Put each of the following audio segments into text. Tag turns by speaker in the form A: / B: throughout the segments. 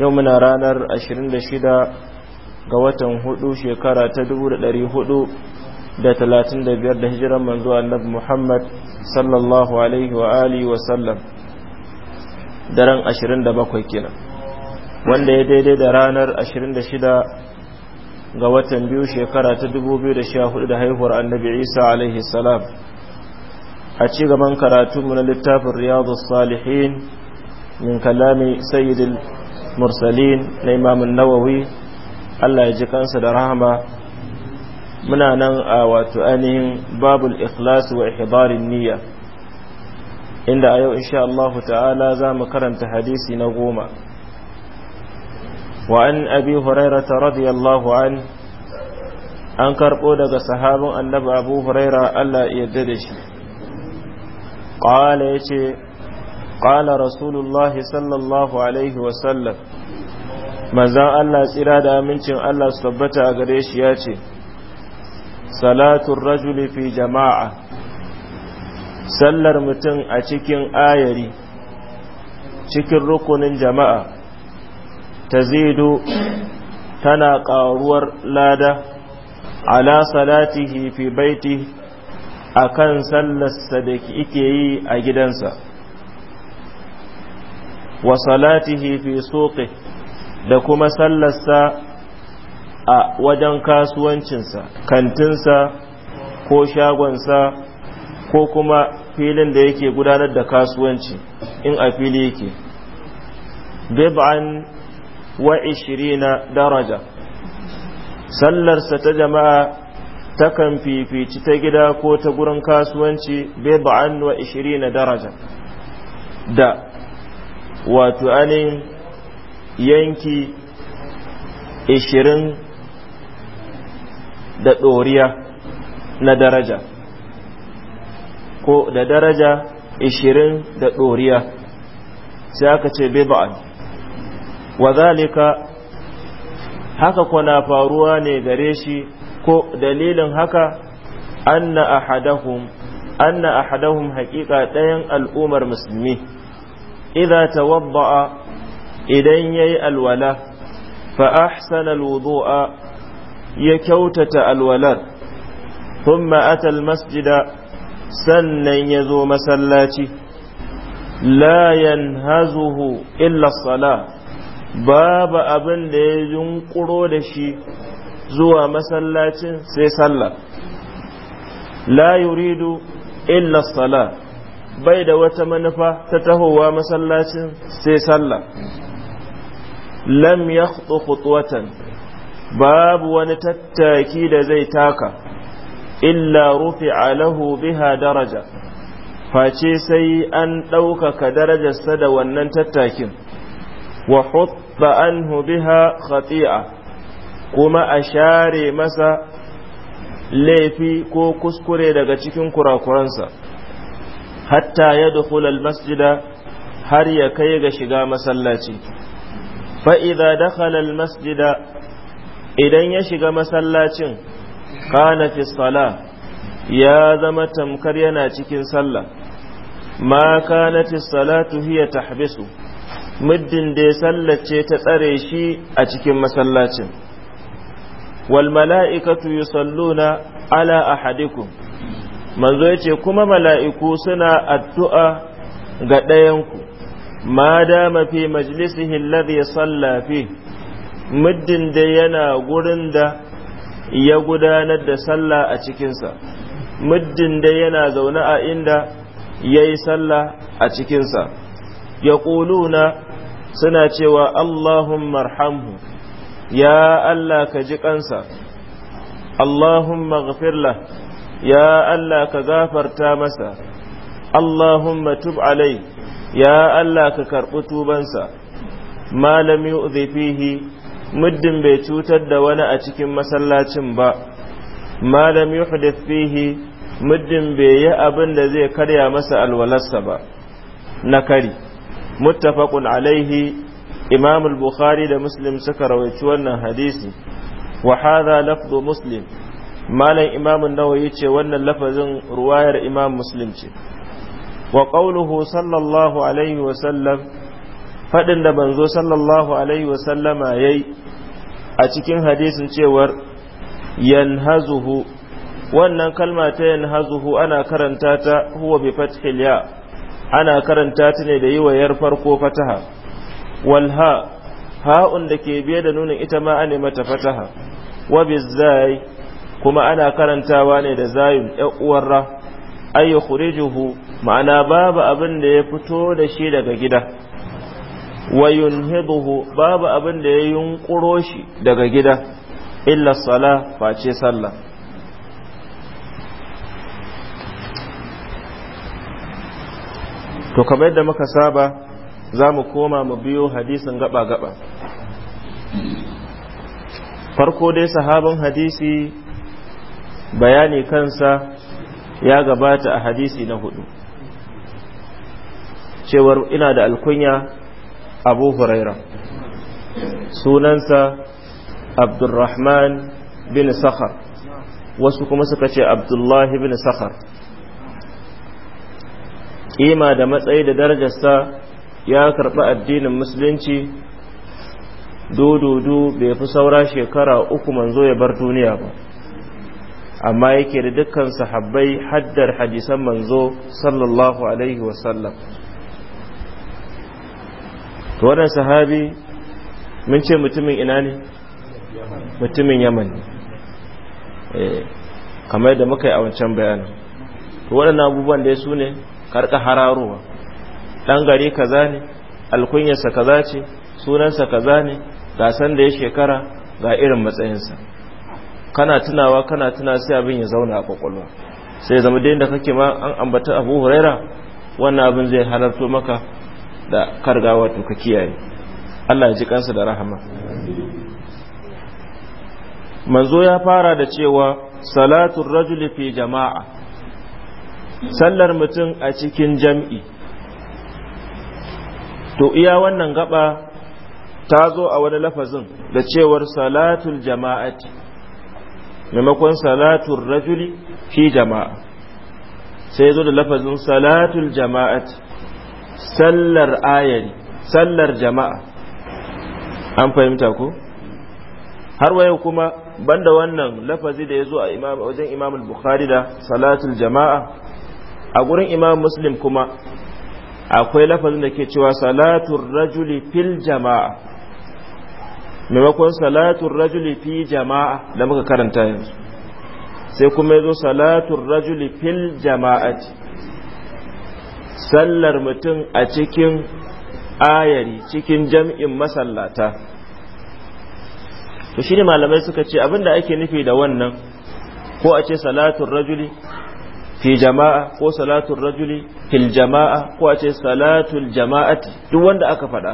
A: yau muna ranar 26 ga watan hudu shekara ta 435 da hijiran manzo annabi Muhammad sallallahu alaihi wa alihi wa sallam daren 27 kenan wanda ya daidai da ranar 26 ga watan biyu shekara ta 2014 da haihuwar annabi Isa alaihi salam a ci gaban karatu mu na littafin riyadu salihin min kalami sayyidil mursalin na imamun nawawi allah ya ji kansa da rahama muna nan a wato ainihin babul ikhlas wa ihbarin niyya inda a yau insha Allah ta'ala za mu karanta hadisi na goma wa an abi ta radiyallahu an an karɓo daga sahabin annabi abu huraira Allah ya yarda da shi قال ce. قال رسول الله صلى الله عليه وسلم manzan Allah tsira da amincin Allah su tabbata a gare shi ya ce salatun rajuli fi jama'a sallar mutum a cikin ayari cikin rukunin jama'a ta zido tana ƙaruwar lada ala salatihi fi baiti a kan sallarsa da ike yi a gidansa wa salatihi fi suqi da kuma sallarsa a wajen kasuwancinsa kantinsa ko shagonsa ko kuma filin da yake gudanar da kasuwanci in a fili yake bib'an wa 20 daraja sallarsa ta jama'a takan fifici ta gida ko ta gurin kasuwanci bib'an wa 20 daraja da wato anin yanki ishirin da ɗoriya na daraja ko da daraja ishirin da ɗoriya sai aka ce biba'an wa zalika haka kuna faruwa ne gare shi ko dalilin haka anna ahadahum anna ahadahum haƙiƙa ɗayan al'ummar musulmi idza tawadda'a idan yayi alwala fa ahsana alwudu'a ya kyautata alwalar thumma ata almasjida sannan yazo masallaci la yanhazuhu illa as-salah babu abin da ya yunkuro da shi zuwa masallacin sai sallah la yuridu illa as-salah bai da wata manufa ta tahowa masallacin sai sallah lam yakhdu khutwatan babu wani tattaki da zai taka illa rufi'a lahu biha daraja face sai an ɗaukaka darajarsa da wannan tattakin wa hutba anhu biha khati'a kuma a share masa laifi ko kuskure daga cikin kurakuransa hatta ya dukulal masjida har ya kai ga shiga masallaci fa'iza dakhalal masjida idan ya shiga masallacin kana fi sala ya zama tamkar yana cikin sallah ma fi salatu hiya tahbisu muddin da ya ce ta tsare shi a cikin masallacin wal mala'ikatu yusalluna ala ahadikum manzo ya ce kuma mala'iku suna addu'a ga ɗayanku ma dama fi majalisihi alladhi salla fi muddin da yana gurin da ya gudanar da sallah a cikinsa muddin da yana zaune a inda ya yi sallah a cikinsa ya ƙuluna suna cewa allahun arhamhu ya Allah ka ji ƙansa Allahumma magafirla ya Allah ka gafarta masa Allahumma tub alai ya Allah ka karɓi tubansa malam yu'zi muddin bai cutar da wani a cikin masallacin ba malam yuhdith muddin bai yi abin da zai karya masa alwalarsa ba na kari muttafaqun alaihi imam bukhari da muslim suka rawaici wannan hadisi wa hadha lafzu muslim malam imamun nawawi ce wannan lafazin ruwayar imam muslim ce wa qauluhu sallallahu alaihi wa sallam fadin da banzo sallallahu alaihi wa sallama yayi a cikin hadisin cewar yanhazuhu wannan kalma ta yanhazuhu ana karanta ta huwa bi fathil ya ana karanta ta ne da yiwa yar farko fataha walha ha'un da ke biye da nunin ita ma ane mata fataha wa bizai kuma ana karantawa ne da zayun uwar ra ay khurijuhu ma'ana babu abin da ya fito da shi daga gida wa babu abin da ya yunkuro shi daga gida illa sala face sallah to kamar yadda muka saba za mu koma mu biyo hadisin gaba-gaba farko dai sahabin hadisi bayani kansa ya gabata a hadisi na hudu cewar ina da alkunya abu huraira sunansa Abdulrahman bin sakhar wasu kuma suka ce abdullahi bin sakhar kima da matsayi da darajarsa ya karɓi addinin musulunci dododo bai fi saura shekara uku manzo ya bar duniya ba amma yake da dukkan sahabbai haddar hadisan manzo sallallahu alaihi wasallam to wannan sahabi mun ce mutumin ina ne mutumin yaman ne eh, kamar da muka yi a wancan bayanin to waɗannan abubuwan da su ne karka hararowa ɗan gari kaza ne alkunyarsa kaza ce sunansa kaza ne gasan da ya shekara ga irin matsayinsa kana tunawa kana tuna sai abin ya zauna a kwakwalwa sai zama dai da kake ma an ambata abu huraira wannan abin zai halarto maka da kargawa to ka kiyaye Allah ya ji kansa da rahama manzo ya fara da cewa salatul rajuli fi jama'a sallar mutum a cikin jam'i to iya wannan gaba ta zo a wani lafazin da cewar salatul jama'ati maimakon salatul rajuli fi jama'a sai zo da lafazin salatul jama'at sallar ayari sallar jama'a an fahimta ko har wayo kuma banda wannan lafazi da ya zo a wajen imam bukhari da salatul jama'a a gurin imam muslim kuma akwai lafazin da ke cewa salatul rajuli fil jama'a maimakon salatun rajuli fi jama'a da muka karanta yanzu sai kuma ya zo salatun rajuli fil jama'ati sallar mutum a cikin ayari cikin jam'in masallata to shine malamai suka ce abinda ake nufi da wannan ko a ce salatun rajuli fi jama'a ko salatun rajuli fil jama'a ko a ce salatul jama'ati duk wanda aka faɗa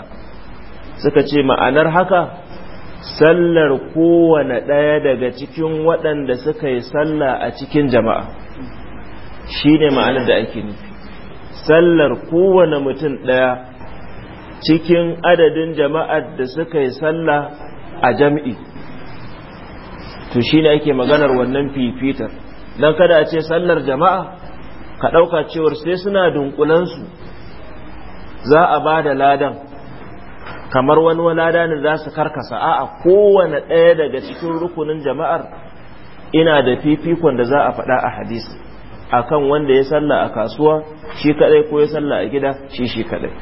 A: suka ce ma'anar haka sallar kowane ɗaya daga cikin waɗanda suka yi salla a cikin jama'a shi ne ma'anar da ake nufi sallar kowane mutum ɗaya cikin adadin jama'ar da suka yi salla a jam'i to shi ne ake maganar wannan fifitar don kada ce sallar jama'a ka ɗauka cewar sai suna dunkulansu za a ba da ladan kamar wani walada ne za su karkasa a kowane ɗaya daga cikin rukunin jama'ar ina da fifikon da za a faɗa a hadis. a kan wanda ya salla a kasuwa shi kaɗai ko ya salla a gida shi shi kaɗai.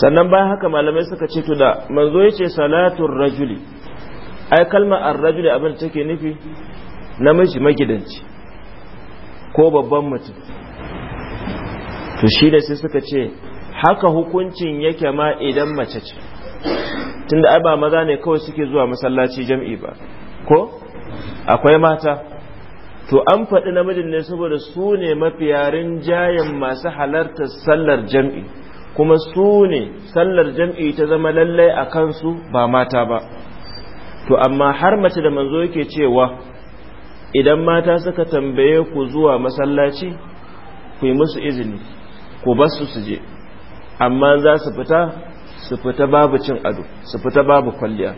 A: sannan bayan haka malamai suka ce to da manzo ce salatun rajuli ai kalma ar-rajuli abin take nufi namiji magidanci ko babban mutum to shi da sai suka ce haka hukuncin yake ma idan mace ce tunda ai ba maza ne kawai suke zuwa masallaci jam'i ba ko akwai mata to an faɗi namijin ne saboda su ne mafiyarin jayan masu halartar sallar jam'i kuma su ne sallar jam'i ta zama lallai a kansu ba mata ba to amma har mace da manzo yake cewa idan mata suka tambaye ku zuwa masallaci ku yi musu izini ku basu su je amma za su fita su fita babu cin ado su fita babu kwalliya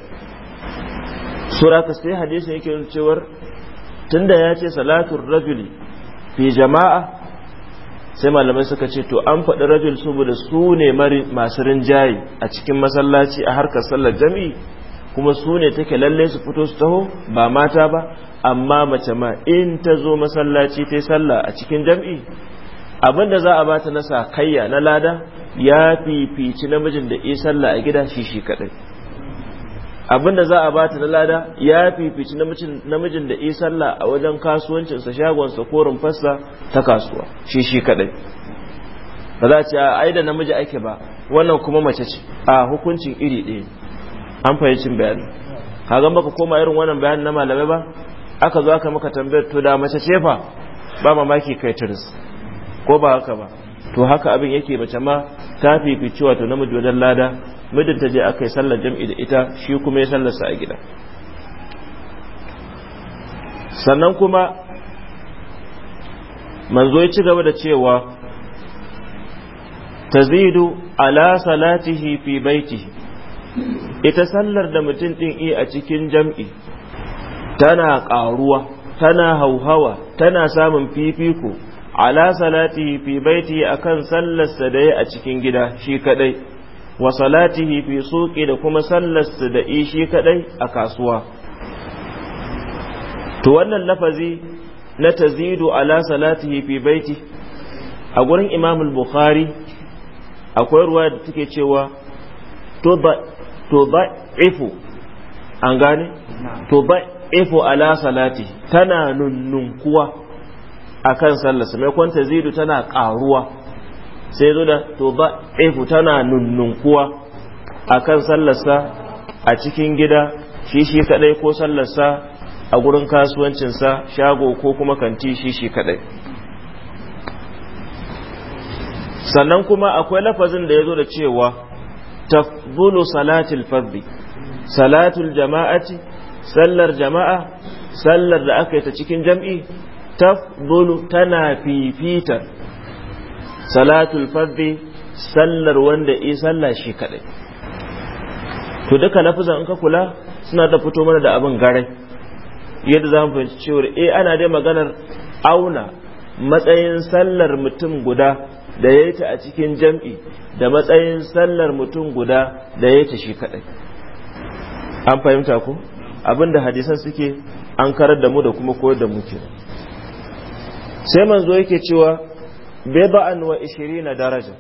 A: sura ta sai hadisin yake cewar tunda ya ce salatun rajuli fi jama'a sai malamai suka ce to an faɗi rajul saboda su ne masu rinjaye a cikin masallaci a harkar sallar jami'i kuma su ne take lalle su fito su taho ba mata ba amma mace ma in ta zo masallaci ta sallah a cikin jam'i abin da za a bata na sakayya na lada ya fifici namijin da isa sallah a gida shi shi kadai abin da za a bata na lada ya fifici namijin da isa sallah a wajen kasuwancinsa shagonsa ko rumfarsa ta kasuwa shi shi kadai ba za ce ai da namiji ake ba wannan kuma mace ce a hukuncin iri ɗaya an fahimcin Ka ga baka koma irin wannan bayani na malamai ba aka zo aka maka tambayar to da mace ce fa ba mamaki kai turis ko ba haka ba to haka abin yake mace ma ta fifici wato namiji wajen lada midin ta je aka sallar jam'i da ita shi kuma ya sallar sa a gida sannan kuma manzo ya ci gaba da cewa tazidu ala salatihi fi baitihi ita sallar da mutum din yi a cikin jam'i tana ƙaruwa tana hauhawa tana samun fifiko ala salatihi fi baiti akan sallarsa da a cikin gida shi kadai wa salatihi fi suqi da kuma sallarsa da yi shi kadai a kasuwa to wannan lafazi na tazidu ala salatihi fi baiti a gurin imam al-bukhari akwai ruwa da take cewa to ba'ifu an gane to ala salati tana nunnunkuwa akan sallarsa mai ta zidu tana karuwa sai zo da to ba efu tana nunnunkuwa akan sallarsa a cikin gida shi shi kadai ko sallarsa a gurin kasuwancinsa shago ko kuma kanti shi shi kadai sannan kuma akwai lafazin da ya zo da cewa tafdulu salatul fardhi salatul jama'ati sallar jama'a sallar da aka yi ta cikin jam'i tafdulu tana fifitar salatul fadhi sallar wanda i sallah shi kadai to duka lafazan in ka kula suna da fito mana da abin garai yadda za mu fahimci cewa eh ana dai maganar auna matsayin sallar mutum guda da ya ta a cikin jam'i da matsayin sallar mutum guda da ya ta shi kadai an fahimta ku abinda hadisan suke an karar da mu da kuma koyar da mu kenan sai manzo yake cewa bid'an wa na daraja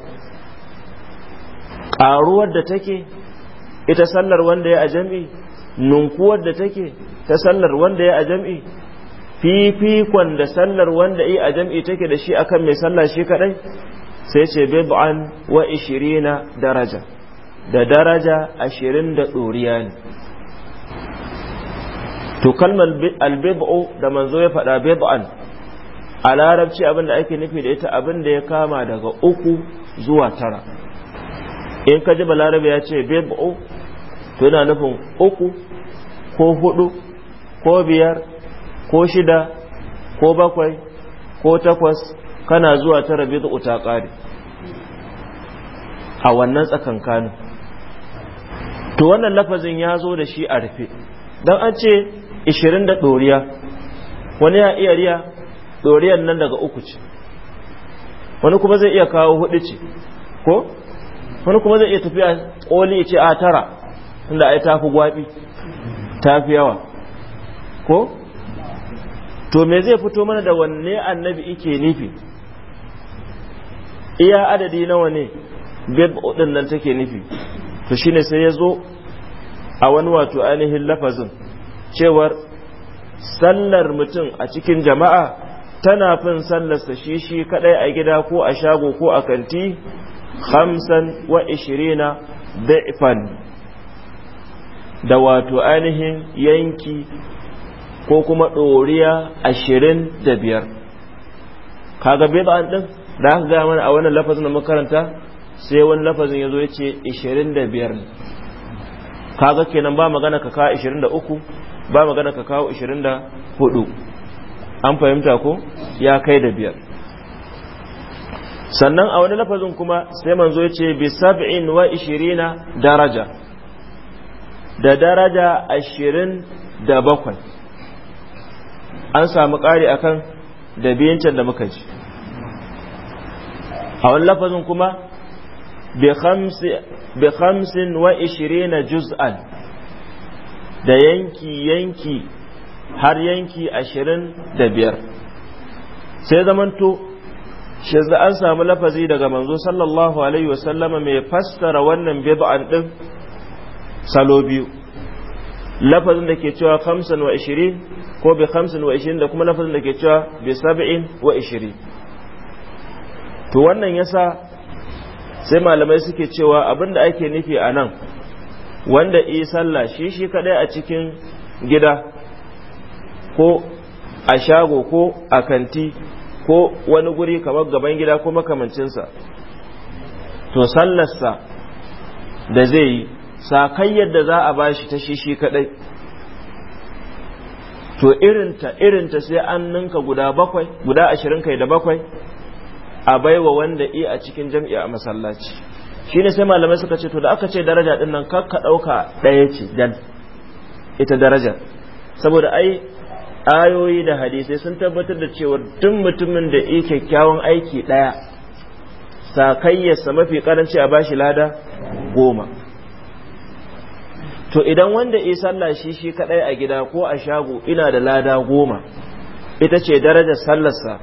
A: ƙaruwar da take ita sallar wanda ya a jam'i nunkuwar da take ta sallar wanda ya a jam'i fifikon da sallar wanda ya a jam'i take da shi akan mai sallah shi kadai sai ce bid'an wa na daraja da daraja ashirin da tsoriya ne to kalmar albib'u da manzo ya faɗa bid'an a larabci abin da ake nufi da ita abin da ya kama daga uku zuwa tara in ka ji balarabe ya ce bid'u to yana nufin uku ko hudu ko biyar ko shida ko bakwai ko takwas kana zuwa tara bid'u ta kare a wannan tsakankanin to wannan lafazin ya zo da shi a rufe don an ce 20 da ɗoriya wani ya iya riya doriyar nan daga uku ce wani kuma zai iya kawo hudu ce ko wani kuma zai iya tafiya koli ce a tara a ai tafi gwabi tafi yawa ko to me zai fito mana da wanne annabi ike nufi iya adadi nawa ne bid'u din nan take nufi to shine sai ya zo a wani wato ainihin lafazin cewar sallar mutum a cikin jama'a tana fin sallarsa shi shi kadai a gida ko a shago ko a kanti hamsan wa ishirina da'ifan da wato ainihin yanki ko kuma ɗoriya ashirin da biyar kaga bai an ɗin da aka gaya mana a wannan lafazin da makaranta sai wani lafazin ya zo ya ce ishirin da biyar kaga kenan ba magana ka kawo ishirin da uku ba magana ka kawo ishirin da hudu an fahimta ko ya kai da biyar sannan a wani lafazin kuma sai manzo ya ce bi sab'in wa ishirina daraja da daraja ashirin da bakwai an samu ƙari kan da biyancin da muka ji a wani lafazin kuma bi khamsin wa ishirina juz'an da yanki yanki har yanki ashirin da biyar sai zamanto shi an samu lafazi daga manzo sallallahu alaihi wasallama mai fassara wannan bid'an din salo biyu lafazin da ke cewa khamsan wa ishirin ko bi khamsan wa ishirin da kuma lafazin da ke cewa bi sab'in wa ishirin to wannan yasa sai malamai suke cewa abin da ake nufi a nan wanda yi sallah shi shi kadai a cikin gida ko a shago ko a kanti ko wani guri kamar gaban gida ko makamancinsa to sallarsa da zai yi sakayyar da za a bashi ta shi shi kadai to irinta irinta sai an ninka guda bakwai guda ashirin kai da bakwai a baiwa wanda i a cikin jam'i a masallaci shi ne sai malamai suka ce to da aka ce daraja din nan kakka ɗauka ɗaya ce dan ita daraja saboda ai ayoyi da hadisai sun tabbatar da cewa duk mutumin da yi kyakkyawan aiki ɗaya sakayyarsa mafi karanci a bashi lada goma to idan wanda yi sallah shi shi kadai a gida ko a shago ina da lada goma ita ce darajar sallarsa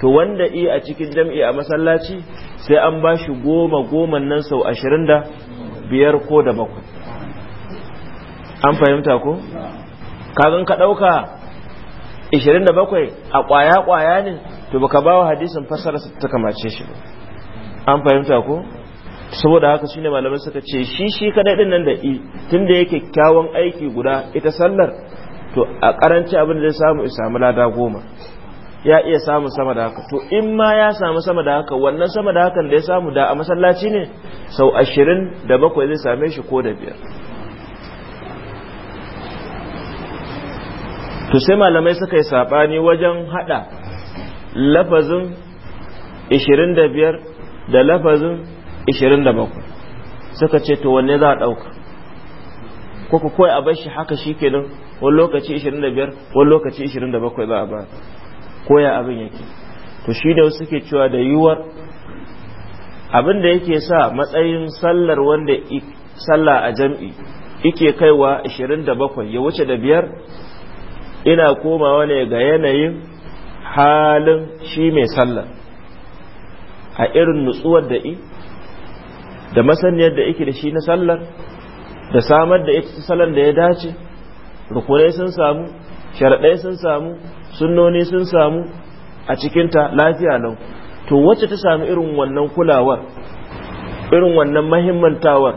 A: to wanda yi a cikin jam'i a masallaci sai an bashi goma goma nan sau ashirin da biyar ko da bakwai an fahimta ko kagan ka ɗauka 27 a kwaya-kwaya ne to baka ba wa hadisin fassara su ta kamace shi ba an fahimta ko saboda haka shine malaman suka ce shi shi kadai din nan da i tunda yake kyakkyawan aiki guda ita sallar to a karanci abin da zai samu ya samu lada goma ya iya samu sama da haka to in ma ya samu sama da haka wannan sama da hakan da ya samu da a masallaci ne sau ashirin da bakwai zai same shi ko da biyar to sai malamai suka yi saɓani wajen haɗa lafazin 25 da lafazin 27 suka ce to wanne za a ɗauka ko ku kawai a bar shi haka shi nan wani lokaci 25 wani lokaci 27 za a ba koya abin yake to shi da suke cewa da yiwuwar abin da yake sa matsayin sallar wanda sallah a jam'i ike kaiwa 27 ya wuce da biyar ina komawa ne ga yanayin halin shi mai sallar a irin nutsuwar da da masaniyar da ike da shi na sallar da samar da ita sallar da ya dace rukunai sun samu sharaɗai sun samu sunnoni sun samu a cikinta lafiya nan, to wacce ta sami irin wannan kulawar irin wannan mahimmantawar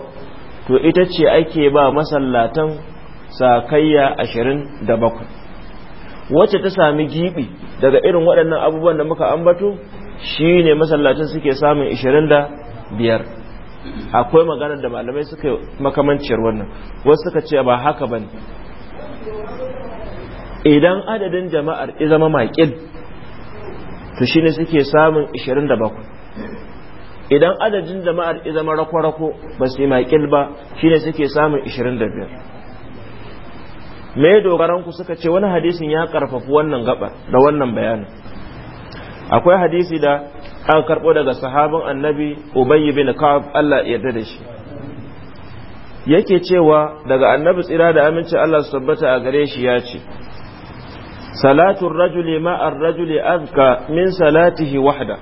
A: to ita ce ake ba masallatan sakayya ashirin da bakwai wacce ta sami gibi daga irin waɗannan abubuwan da muka ambato shine masallacin suke samun 25 akwai maganar da malamai suka makamanciyar wannan wasu suka ce ba haka ne. idan adadin jama'ar ya zama maƙil to shine suke samun 27 idan adadin jama'ar ya zama rako-rako ba su yi maƙil ba shine suke samun 25 me dogaran ku suka ce wani hadisin ya karfafi wannan gaba da wannan bayanin akwai hadisi da an karɓo daga sahabin annabi ubayy bin ka'ab Allah ya yarda da shi yake cewa daga annabi tsira da aminci Allah su tabbata a gare shi ya ce salatun rajuli ma'ar rajuli azka min salatihi wahda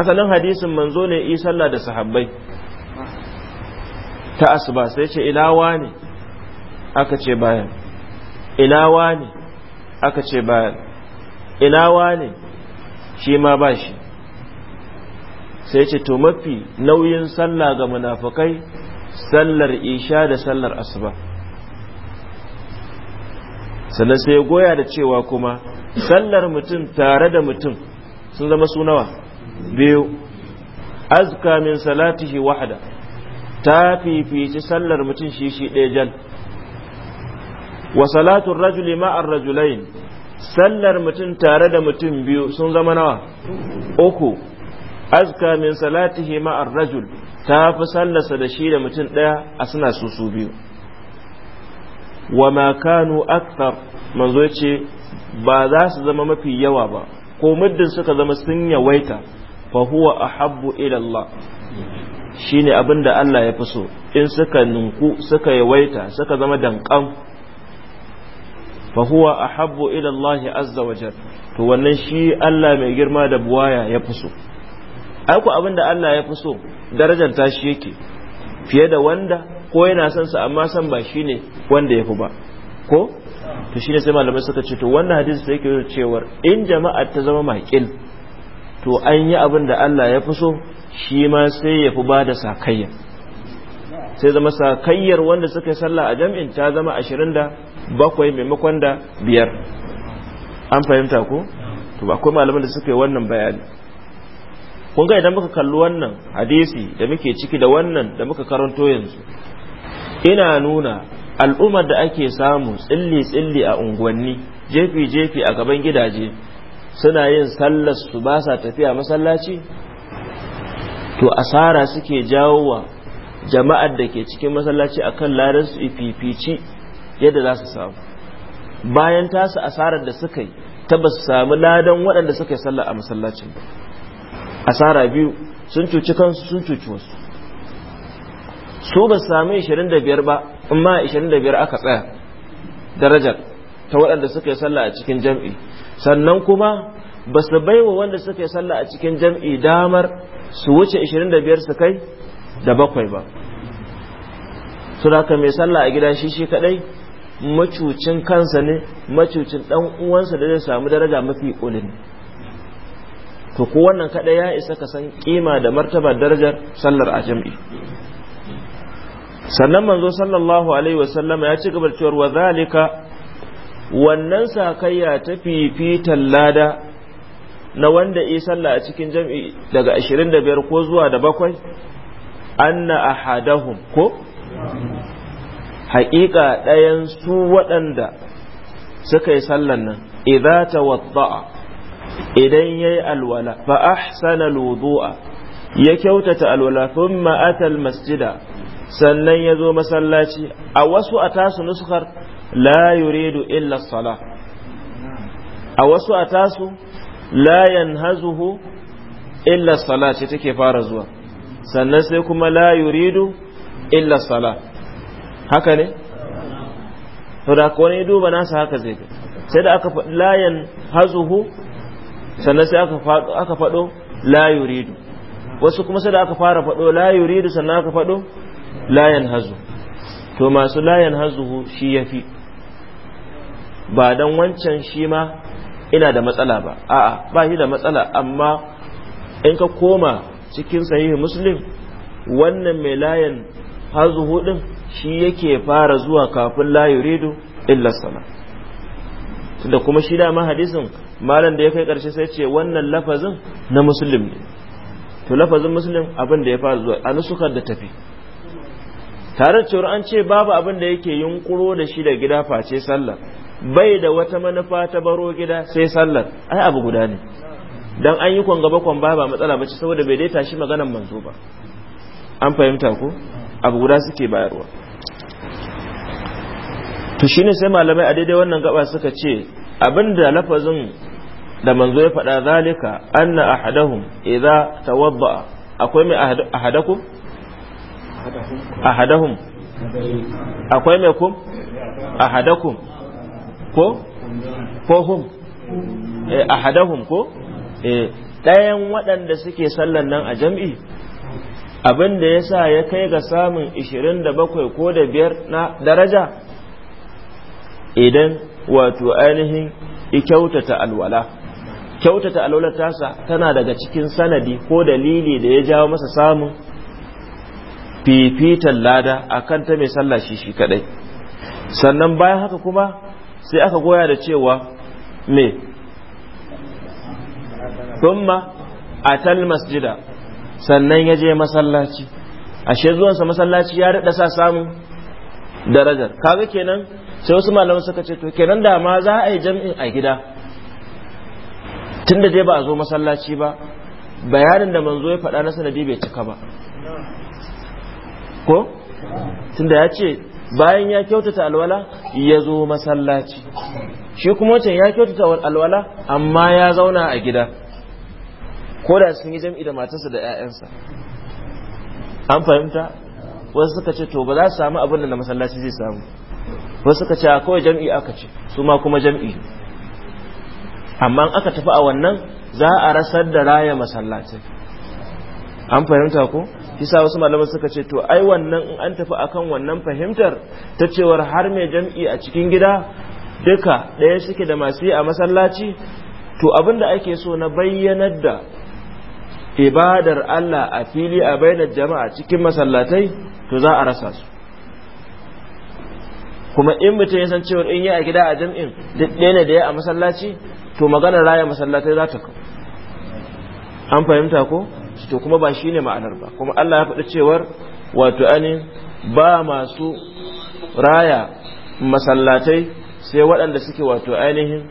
A: asalin hadisin manzo ne yi sallah da sahabbai ta asuba sai ce ina wani aka ce bayan ina wane aka ce bayan ina wane shi ma ba shi sai ce to mafi nauyin sallah ga munafukai sallar isha da sallar asuba sannan sai goya da cewa kuma sallar mutum tare da mutum sun zama sunawa biyu azka min salatihi wahda ta fifici sallar mutum shi shi ɗaya jal wa salatu rajuli ma'ar rajulain sallar mutum tare da mutum biyu sun zama nawa uku azka min salatihi ma'ar rajul ta fi sallarsa da shi da mutum ɗaya a suna su su biyu wa ma kanu akthar manzo yace ba za su zama mafi yawa ba ko muddin suka zama sun yawaita fa huwa ahabbu ila Allah shine abinda Allah ya fi so in suka ninku suka yawaita suka zama dankan Fahuwa huwa ahabbu ila Allah azza wa to wannan shi Allah mai girma da buwaya ya fi so ai ku abinda Allah ya fi so darajar ta shi yake fiye da wanda ko yana son sa amma san ba shine wanda ya fi ba ko to shine sai malamai suka ce to wannan hadisi sai yake cewa in jama'a ta zama makil to an yi abin da Allah ya fi shi ma sai ya fi ba da sakayya sai zama sakayyar wanda suka yi sallah a jam'in ta zama ashirin da bakwai maimakon da biyar an fahimta ko to akwai malaman da suka yi wannan bayani kun ga idan muka kalli wannan hadisi da muke ciki da wannan da muka karanto yanzu ina nuna al'ummar da ake samu tsilli tsilli a unguwanni jefi jefi a gaban gidaje suna yin sallar su ba sa tafiya masallaci to asara suke jawo wa jama'ar da ke cikin masallaci akan ladan ififici yadda za su samu bayan tasu asarar da suka yi ta ba su samu ladan waɗanda suka yi sallah a masallacin ba asara biyu sun cuci kansu sun cuci wasu su ba su samu 25 ba amma 25 aka tsaya darajar ta waɗanda suka yi sallah a cikin jam'i sannan kuma ba su bai wa wanda suka yi sallah a cikin jam'i damar su wuce 25 su kai da bakwai ba su da mai sallah a gida shi shi kadai macucin kansa ne macucin dan uwansa da zai samu daraja mafi kulin to ko wannan kada ya isa ka san kima da martaba darajar sallar a jam'i sannan manzo sallallahu alaihi wasallama ya ci gaba cewa zalika wannan sakayya ta fifi lada na wanda yi sallah a cikin jam'i daga 25 ko zuwa da bakwai anna ahadahum ko haƙiƙa ɗayan su waɗanda suka yi sallan nan idza tawadda'a idan yayi alwala fa ahsana alwudu'a ya kyautata alwala thumma ata almasjida sannan ya zo masallaci a wasu a tasu nuskar la yuridu illa sala a wasu a tasu la yanhazuhu illa sala ce take fara zuwa sannan sai kuma la yuridu illa sala haka ne to da ko ne duba nasa haka zai ga sai da aka faɗi layan hazuhu sannan sai aka faɗo aka la yuridu wasu kuma sai da aka fara faɗo la yuridu sannan aka faɗo layan hazu to masu layan hazuhu shi yafi ba dan wancan shi ma ina da matsala ba a'a ba shi da matsala amma in ka koma cikin sahihi muslim wannan mai layan hazuhu din shi yake fara zuwa kafin la yuridu illa salat tunda kuma shi dama hadisin malam da ya kai karshe sai ce wannan lafazin na muslim ne to lafazin muslim abin da ya fara zuwa a nusukar da tafi tare cewar an ce babu abin da yake yunkuro da shi da gida face sallar bai da wata manufa ta baro gida sai sallar ai abu guda ne dan an yi kwan gaba kwan ba matsala ce saboda bai daita shi maganar manzo ba an fahimta ko abu guda suke bayarwa to shine sai malamai a daidai wannan gaba suka ce abinda lafazin da manzo ya faɗa zalika anna ahadahum idza tawadda akwai mai ahadakum ahadahum akwai mai kum ahadakum ko ko hum eh ahadahum ko eh ɗayan waɗanda suke sallan nan a jam'i abin da ya sa ya kai ga samun 27 ko da biyar na daraja idan wato ainihin kyautata alwala kyautata alwala tasa tana daga cikin sanadi ko dalili da ya jawo masa samun fifitan lada akan ta mai sallah shi shi kadai sannan bayan haka kuma sai aka goya da cewa me thumma atal masjida sannan ya je masallaci ashe zuwansa masallaci ya daɗa sa samun darajar kaga kenan sai wasu malaman suka ce to kenan da ma za a yi jam'in a gida tunda dai ba a zo masallaci ba bayanin da manzo ya faɗa na sanadi bai cika ba ko tunda ya ce bayan ya kyautata alwala ya zo masallaci shi kuma wacce ya kyautata alwala amma ya zauna a gida ko da sun yi jam'i da matarsa da 'ya'yansa an fahimta wasu suka ce to ba za su samu abin da na masallaci zai samu wasu suka ce a kawai jam'i aka ce su ma kuma jam'i amma aka tafi a wannan za a rasar da raya masallacin an fahimta ko kisa wasu malamai suka ce to ai wannan in an tafi akan wannan fahimtar ta cewar har mai jam'i a cikin gida duka ɗaya suke da masu yi a masallaci to abinda ake so na bayyanar da ibadar Allah a fili a bainar jama'a cikin masallatai to za a rasa su kuma in mutum ya san cewa in yi a gida a jam'in duk ɗaya da ya a masallaci to magana raya masallatai za ta kawo. an fahimta ko to kuma ba shi ne ma'anar ba kuma Allah ya faɗi cewar wato "Ani", ba masu raya masallatai sai waɗanda suke wato ainihin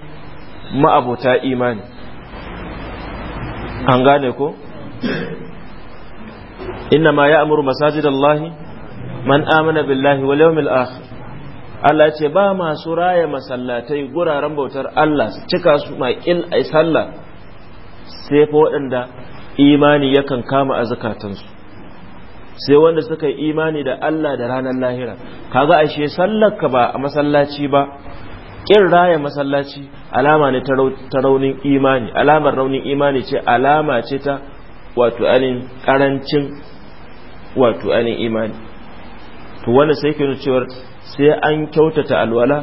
A: ma'abota imani an gane ko ma ya amuru masajidallahi man amana billahi wal yawmil akhir Allah ce ba masu raya masallatai guraren bautar Allah cika su maƙil ai sallah sai fa wadanda imani yakan kama a su. sai wanda suka yi imani da Allah da ranar lahira kaga ashe sallar ka ba a masallaci ba kin raya masallaci alama ne ta raunin imani alamar raunin imani ce alama ce ta wato anin karancin wato anin imani to wanda sai ke cewar sai an kyautata alwala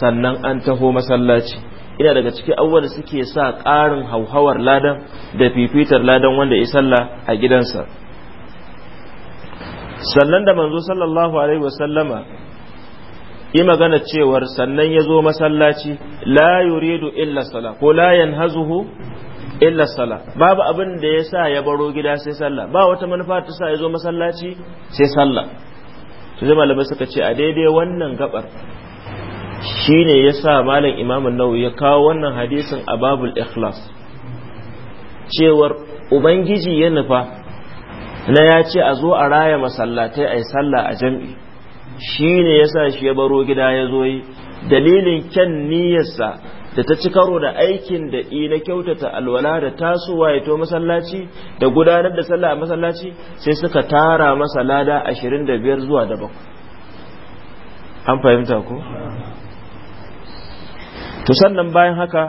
A: sannan an taho masallaci ina daga cikin abubuwan suke sa ƙarin hauhawar ladan da fifitar ladan wanda ya salla a gidansa sannan da manzo sallallahu alaihi wasallama yi magana cewar sannan ya zo masallaci la yuridu illa sala ko la yanhazuhu illa sala babu abin da ya sa ya baro gida sai sallah ba wata manufa ta sa ya zo masallaci sai sallah to sai malamai suka ce a daidai wannan gabar shine ya sa malam imamun nawawi ya kawo wannan hadisin a babul ikhlas cewar ubangiji ya nufa na ya ce a zo a raya masallatai a yi sallah a jam'i shine yasa ya sa shi ya baro gida ya zo yi dalilin kyan niyyarsa da ta ci karo da aikin da i na kyautata alwala da tasowa ya to masallaci da gudanar da sallah a masallaci sai suka tara masa lada ashirin da biyar zuwa da bakwai an fahimta ko to sannan bayan haka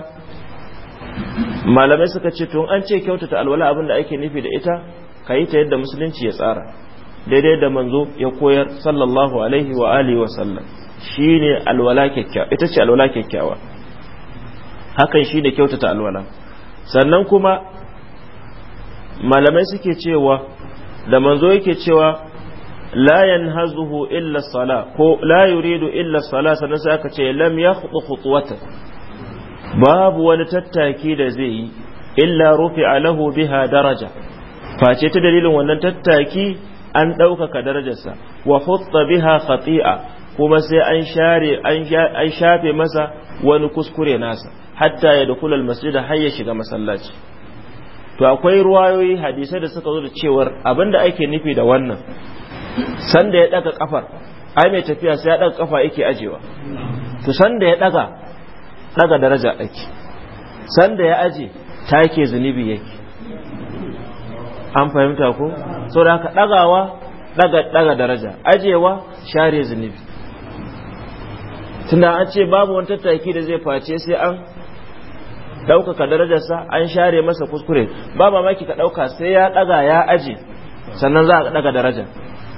A: malamai suka ce tun an ce kyautata alwala abin da ake nufi da ita ka yi ta yadda musulunci ya tsara daidai da manzo ya koyar sallallahu alaihi wa alihi wa sallam shine alwala kyakkyawa ita ce alwala kyakkyawa hakan shine kyautata alwala sannan kuma malamai suke cewa da manzo yake cewa la yanhazuhu illa sala ko la yuridu illa sala sannan sai aka ce lam yakhdu khutwata babu wani tattaki da zai yi illa rufi'a lahu biha daraja face ta dalilin wannan tattaki an ɗaukaka darajarsa wa hutta biha khati'a kuma sai an share an shafe masa wani kuskure nasa hatta ya dukula almasjida har ya shiga masallaci to akwai ruwayoyi hadisai da suka zo da cewar abinda ake nufi da wannan sanda ya daga kafar ai mai tafiya sai ya daga kafa yake ajewa to sanda ya daga daga daraja ake sanda ya aje ta yake zunubi yake an fahimta ko saboda haka dagawa daga daga daraja ajewa share zunubi tunda an ce babu wani tattaki da zai face sai an Daukaka darajarsa an share masa kuskure ba mamaki ka ɗauka sai ya ɗaga ya aje sannan za a ɗaga darajar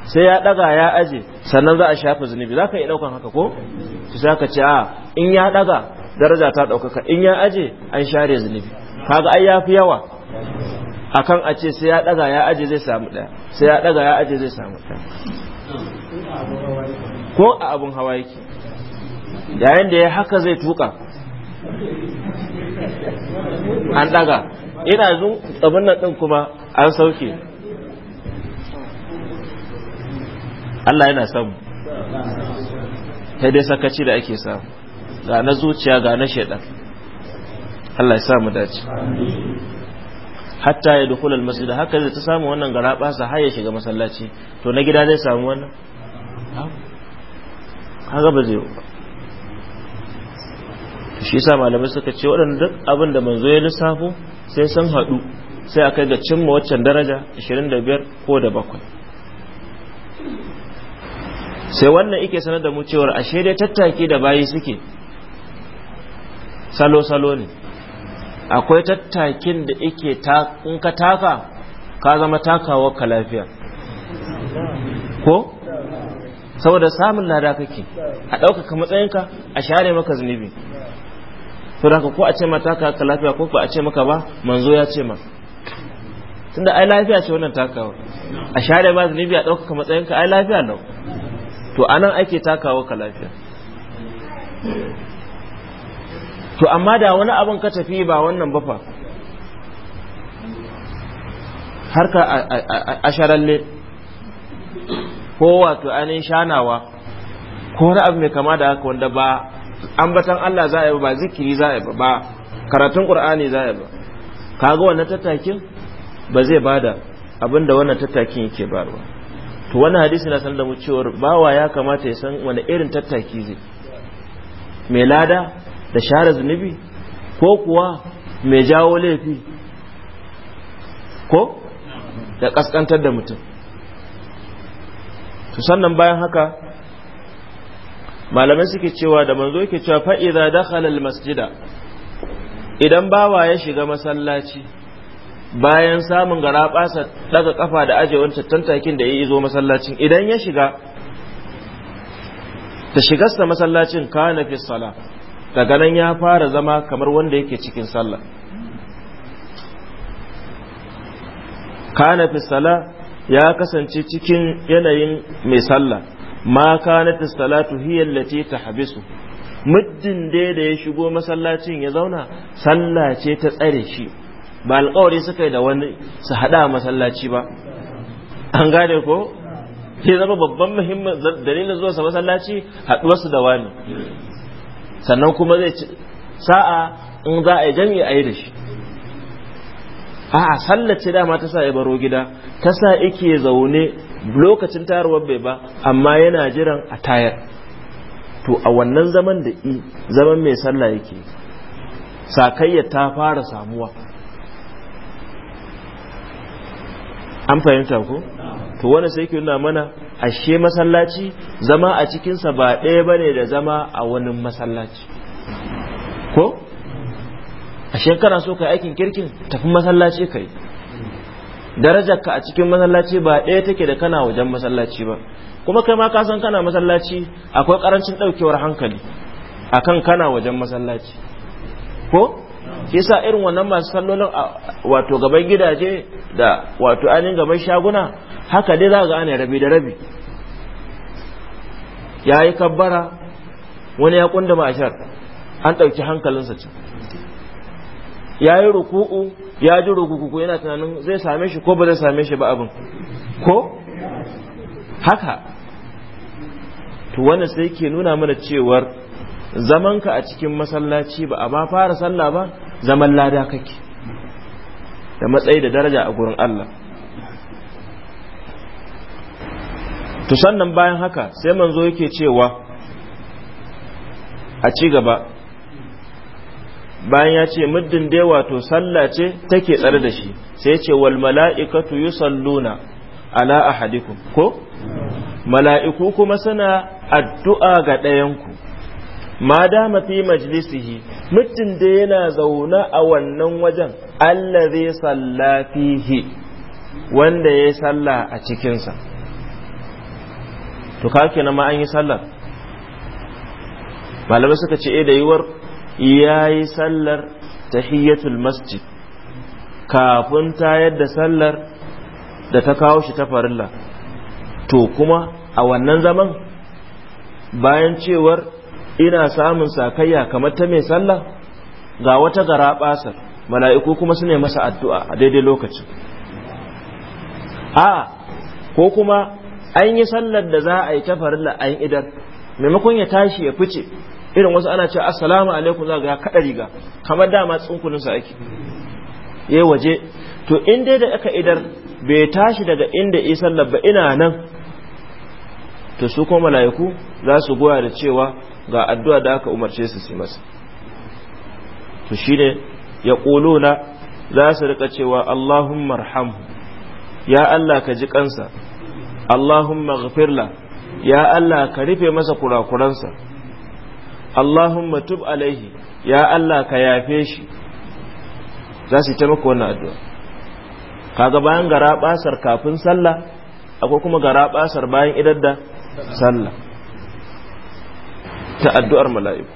A: sai ya ɗaga ya aje sannan za a shafa zunubi za ka iya ɗaukan haka ko su sa ka ce a in ya ɗaga daraja ta ɗaukaka in ya aje an share zunubi kaga ai ya fi yawa akan a ce sai ya ɗaga ya aje zai samu ɗaya sai ya ɗaga ya aje zai samu ɗaya ko a abun hawa yake yayin da ya haka zai tuka
B: an daga ina
A: zun abin nan din kuma an sauke Allah yana samu sai dai sakaci da ake samu ga na zuciya ga na shaidan Allah ya samu dace hatta ya dukhul almasjid haka zai ta samu wannan garaba sa har ya shiga masallaci to na gida zai samu wannan haka ba zai yi shi yasa malamai suka ce waɗanda duk abin da manzo ya lissafo sai sun haɗu sai a kai ga cimma waccan daraja 25 ko da bakwai sai wannan ike sanar da mu cewar ashe dai tattaki da bayi suke salo-salo ne akwai tattakin da ike in ka taka ka zama takawa ka lafiya ko saboda samun lada kake a ɗaukaka matsayinka a share maka zunubi da ko a ce mata ka lafiya ko ba a ce maka ba manzo ya ce ma tunda ai lafiya ce wannan takawa a share ba zunubi a ɗaukaka matsayinka ai lafiya lau to anan ake takawa ka lafiya to amma da wani abin ka tafi ba wannan bafa har ka a sharalle ko wato ainihin shanawa ko wani abu mai kama da haka wanda ba ambatan Allah za a yi ba zikiri za a yi ba karatun qur'ani za a yi ba kaga wannan tattakin ba zai bada abinda wannan tattakin yake barwa to wannan hadisi na sanar da mu bawa ya kamata ya san wani irin tattaki zai mai lada da share zunubi ko kuwa mai jawo laifi ko da kaskantar da mutum to sannan bayan haka malamai suke cewa da manzo yake cewa fa da dakhala masjida idan bawa ya shiga masallaci bayan samun garaɓasa daga kafa da aje wancan tantakin da ya izo masallacin idan ya shiga ta shigarsa masallacin kana fi sala daga nan ya fara zama kamar wanda yake cikin sallah kana fi sala ya kasance cikin yanayin mai sallah ma kanat salatu hiya allati tahbisu muddin dai da ya shigo masallacin ya zauna sallah ce ta tsare shi ba alƙawari suka yi da wani su hada masallaci ba an gane ko ke zama babban muhimmin dalilin zuwa sa masallaci haduwar su da wani sannan kuma zai sa'a in za a yi jami'i a yi da shi a'a sallace dama ta sa ya baro gida ta sa yake zaune lokacin tayarwar bai ba amma yana jiran a tayar to a wannan zaman da i zaman mai sallah yake sakayya ta fara samuwa an fahimta ko to wani sai ke nuna mana ashe masallaci zama a cikinsa ba ɗaya ba ne da zama a wani masallaci ko ashe kana so ka aikin kirkin tafi masallaci ka ka a cikin masallaci ba ɗaya take da kana wajen masallaci ba kuma kai ma ka san kana masallaci akwai karancin ɗaukewar hankali akan kana wajen masallaci ko yasa irin wannan masu sallolin wato gaban gidaje da wato ainihin gaban shaguna haka dai za ga ana rabi da rabi ya yi kabbara wani ya kunda ma'ashar an ɗauki hankalinsa can ya yi ruku'u ya ji rukukuku yana tunanin zai same shi ko ba zai same shi ba abin ko haka to wannan sai ke nuna mana cewar zamanka a cikin masallaci ba a ba fara sallah ba zaman lada kake da matsayi da daraja a gurin Allah to sannan bayan haka sai manzo yake cewa a ci gaba bayan ya ce muddin dai wato sallah ce take tsare da shi sai ya ce wal mala'ikatu yusalluna ala ahadikum ko mala'iku kuma suna addu'a ga ɗayanku ma dama fi majlisihi muddin da yana zauna a wannan wajen allazi salla fihi wanda ya salla a cikinsa to ka kenan ma an yi sallar malamai suka ce eh, da yiwuwar ya yi sallar tahiyyatul masjid kafin ta yadda sallar da ta kawo shi ta farilla to kuma a wannan zaman bayan cewar ina samun sakayya kamar ta mai sallar ga wata gara basar mala'iku kuma su ne masa addu'a a daidai lokacin a ko kuma an yi sallar da za a yi ta farilla an idar maimakon ya tashi ya fice irin wasu ana cewa assalamu alaikum za ga ya kada riga kamar dama tsunkunin sa ake ya waje to in dai da aka idar bai tashi daga inda isa labba ina nan to su kuma mala'iku za su goya da cewa ga addu'a da aka umarce su su masa to shine ya na za su rika cewa Allahumma arhamhu ya Allah ka ji kansa Allahumma ghafirla ya Allah ka rufe masa kurakuransa Allahumma tub alaihi ya Allah ka yafe shi za su ta maka wannan addu'a kaga bayan gara basar kafin sallah akwai kuma gara basar bayan idar da sallah ta addu'ar mala'iku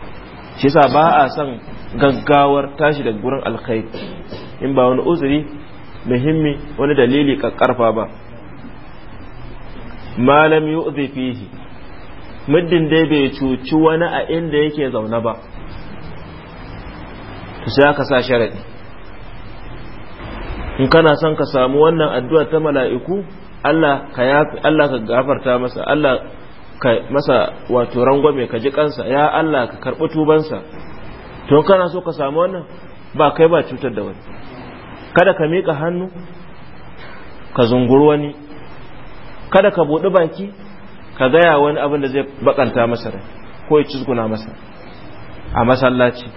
A: shi sa ba a son gaggawar tashi daga gurin alkhairi in ba wani uzuri muhimmi wani dalili ƙarfa ba malam yu'zi fihi muddin dai bai cuci wani a inda yake zaune ba to sai aka sa sharadi in kana son ka samu wannan addu'a ta mala'iku Allah ka Allah ka gafarta masa Allah ka masa wato rangwame ka ji kansa ya Allah ka karɓi tubansa to kana so ka samu wannan ba kai ba cutar da wani kada ka miƙa hannu ka zunguru wani kada ka buɗi baki ka gaya wani abin da zai bakanta masa rai ko ya cizguna masa a masallaci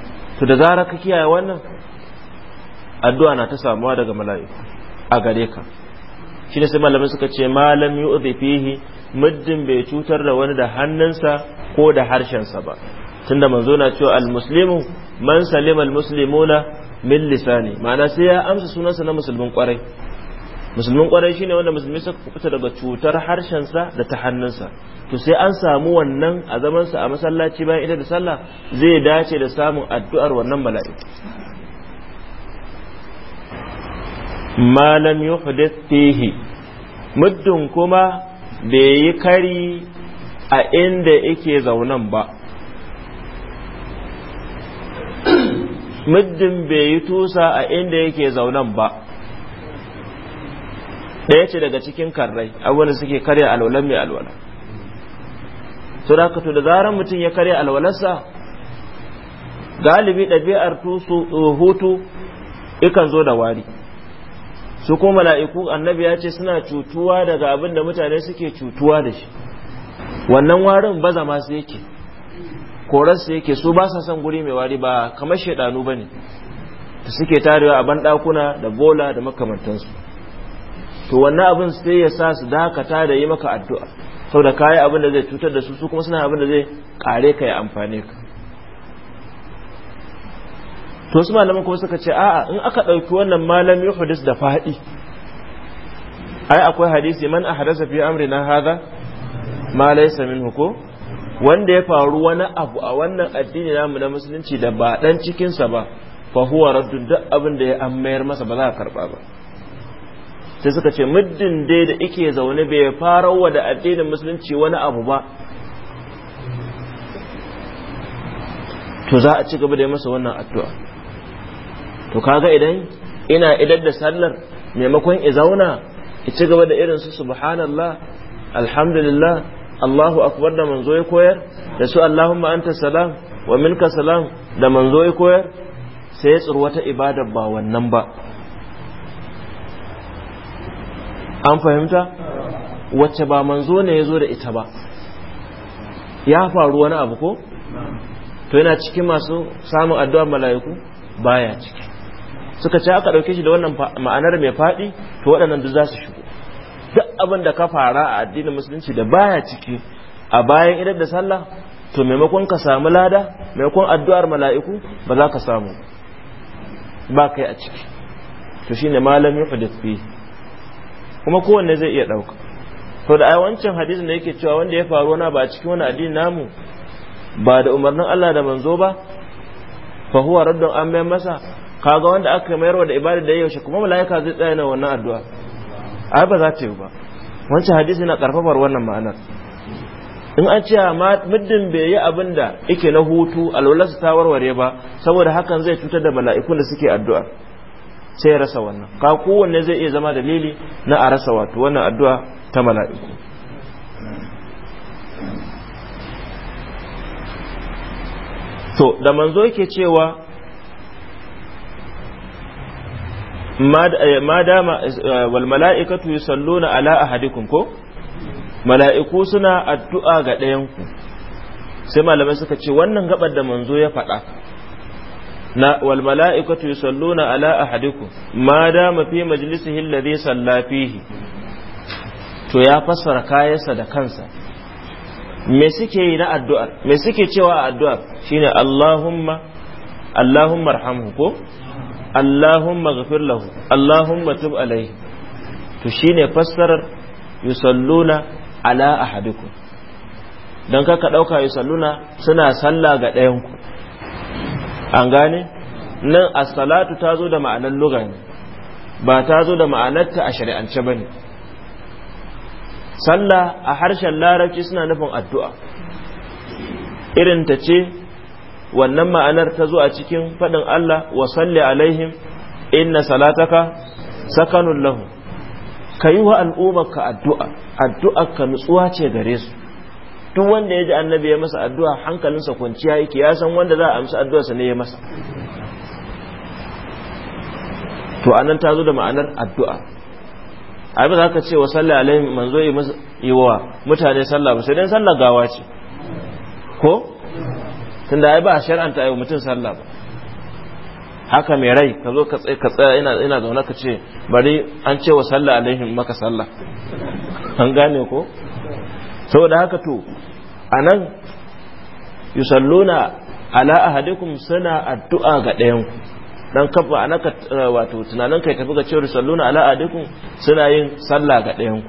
A: to da zarar ka kiyaye wannan addu'a na ta samuwa daga mala'iku a gare ka shi ne sai malamin suka ce malam yi uzi fihi muddin bai cutar da wani da hannunsa ko da harshensa ba tunda manzo na cewa almuslimu man salima almuslimuna min lisani ma'ana sai ya amsa sunansa na musulmin kwarai musulmin kwarai shine wanda musulmi suka fita daga cutar harshensa da ta hannunsa to sai an samu wannan a zamansa a masallaci bayan ita da sallah zai dace da samun addu'ar wannan mala'ika ma lam yuhdith fihi muddin kuma bai yi kari a inda yake zaunan ba muddin bai yi tusa a inda yake zaunan ba ɗaya ce daga cikin karrai abubuwan suke karya alwalan mai alwala to da da zarar mutum ya karya alwalarsa galibi ɗabi'ar hutu ikan zo da wari su kuma mala'iku annabi ya ce suna cutuwa daga abin da mutane suke cutuwa da shi wannan warin baza masu yake korarsa yake su ba sa son guri mai wari ba kamar shaidanu ba ne suke tarewa a banɗakuna da bola da makamantansu to wannan abin sai ya sa su dakata da yi maka addu'a saboda da kayi abin da zai cutar da su su kuma suna abin da zai kare ka ya amfane ka to su malaman kuma suka ce a'a in aka ɗauki wannan malam ya da faɗi ai akwai hadisi man a hadasa fi amri na haza ma laisa min wanda ya faru wani abu a wannan addini namu na musulunci da ba dan cikinsa ba fa huwa raddun duk abin da ya an mayar masa ba za a karba ba sai suka ce muddin dai da ike zaune bai farawa da addinin musulunci wani abu ba to za a ci gaba da masa wannan addu'a to kaga idan ina idar da sallar maimakon i zauna i ci gaba da irin su subhanallah alhamdulillah Allahu akbar da manzo ya koyar da su Allahumma anta salam wa minka salam da manzo ya koyar sai ya tsirwata ibadar ba wannan ba an fahimta wacce ba manzo ne ya zo da ita ba ya faru wani abu ko to yana cikin masu samun addu'ar mala'iku baya ciki suka ce aka ɗauke shi da wannan ma'anar mai faɗi to waɗannan duk za su shigo duk abin da ka fara a addinin musulunci da baya ciki a bayan idan da sallah to maimakon ka samu lada maimakon addu'ar mala'iku ba za ka samu ba kai a ciki to shine malam yuhdith fi kuma kowanne zai iya ɗauka to da wancan hadisin da yake cewa wanda ya faru na ba a cikin wani addini namu ba da umarnin Allah da manzo ba fa huwa raddun an mayar masa kaga wanda aka mayarwa da ibada da yaushe kuma malaika zai tsaya na wannan addu'a ai ba za ta yi ba wancan hadisi na karfafar wannan ma'anar in an ce muddin bai yi abin da yake na hutu alwala ta warware ba saboda hakan zai cutar da mala'ikun da suke addu'a sai rasa wannan ka kowanne zai iya zama dalili na a rasa wato wannan addu'a ta mala'iku to da manzo yake cewa ma dama eh, eh, wal mala'ikatu yusalluna ala ahadikum ko mala'iku suna addu'a ga ɗayanku sai malamai suka ce wannan gabar da manzo ya faɗa na wal mala'ikatu yusalluna ala ahadikum ma dama fi majlisihi alladhi salla fihi to ya fassara kayansa da kansa me suke yi na addu'ar me suke cewa a addu'ar shine Allahumma Allahumma arhamhu ko Allahumma ghafir lahu Allahumma tub alaihi to shine fassarar yusalluna ala ahadikum dan kaka dauka yusalluna suna salla ga ɗayan ku an gane nan as-salatu ta zo da ma'anar lugha ba ta zo da ma'anarta a shari'ance ba ne sallah a harshen larabci suna nufin addu'a irin ta ce wannan ma'anar ta zo a cikin faɗin Allah wa salli alaihim inna salataka sakanun lahu ka yi wa al'ummarka addu'a addu'a ka nutsuwa ce gare su duk wanda ya ji annabi ya masa addu'a hankalinsa kwanciya yake ya san wanda za a amsa addu'arsa ne ya masa to anan ta zo da ma'anar addu'a abin da aka ce wa sallah alaihi manzo yi wa mutane sallah ba sai dai sallah gawa ce ko tunda ai ba a shar'anta wa mutum sallah ba haka mai rai ka zo ka tsaya ina zaune ka ce bari an ce wa sallah alaihim maka sallah an gane ko saboda haka to a nan yusalluna ala ahadikum suna addu'a ga ɗayanku dan kafa a naka eh, wato tunanin kai tafi ga cewar salluna ala ahadikum suna yin sallah ga ɗayanku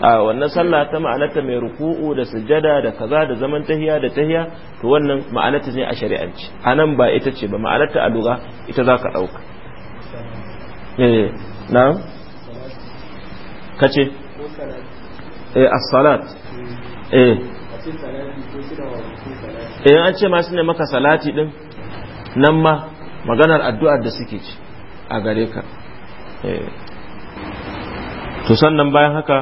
A: a wannan sallah ta ma'anata mai ruku'u da sujada da kaza da zaman tahiya da tahiya to wannan ma'anata ne a shari'anci a nan ba ita ce ba ma'anata a lura ita za ka ɗauka eh, na ce eh as-salat
B: eh eh
A: an ce ma su maka salati din nan ma maganar addu'ar da suke ci a gare ka eh. to sannan bayan haka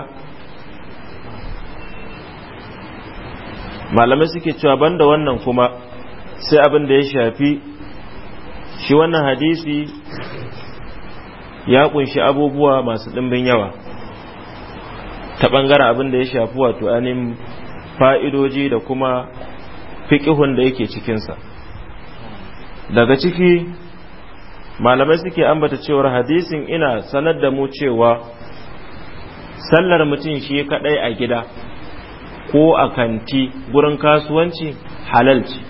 A: malamai suke cewa banda wannan kuma sai abin da ya shafi shi wannan hadisi ya kunshi abubuwa masu ɗimbin yawa ta bangaren abin da ya shafi wato anin fa'idoji da kuma fiƙihun da yake cikinsa daga ciki malamai suke ambata cewar hadisin ina sanar da mu cewa sallar mutum shi kadai a gida ko a kanti gurin kasuwanci halal ce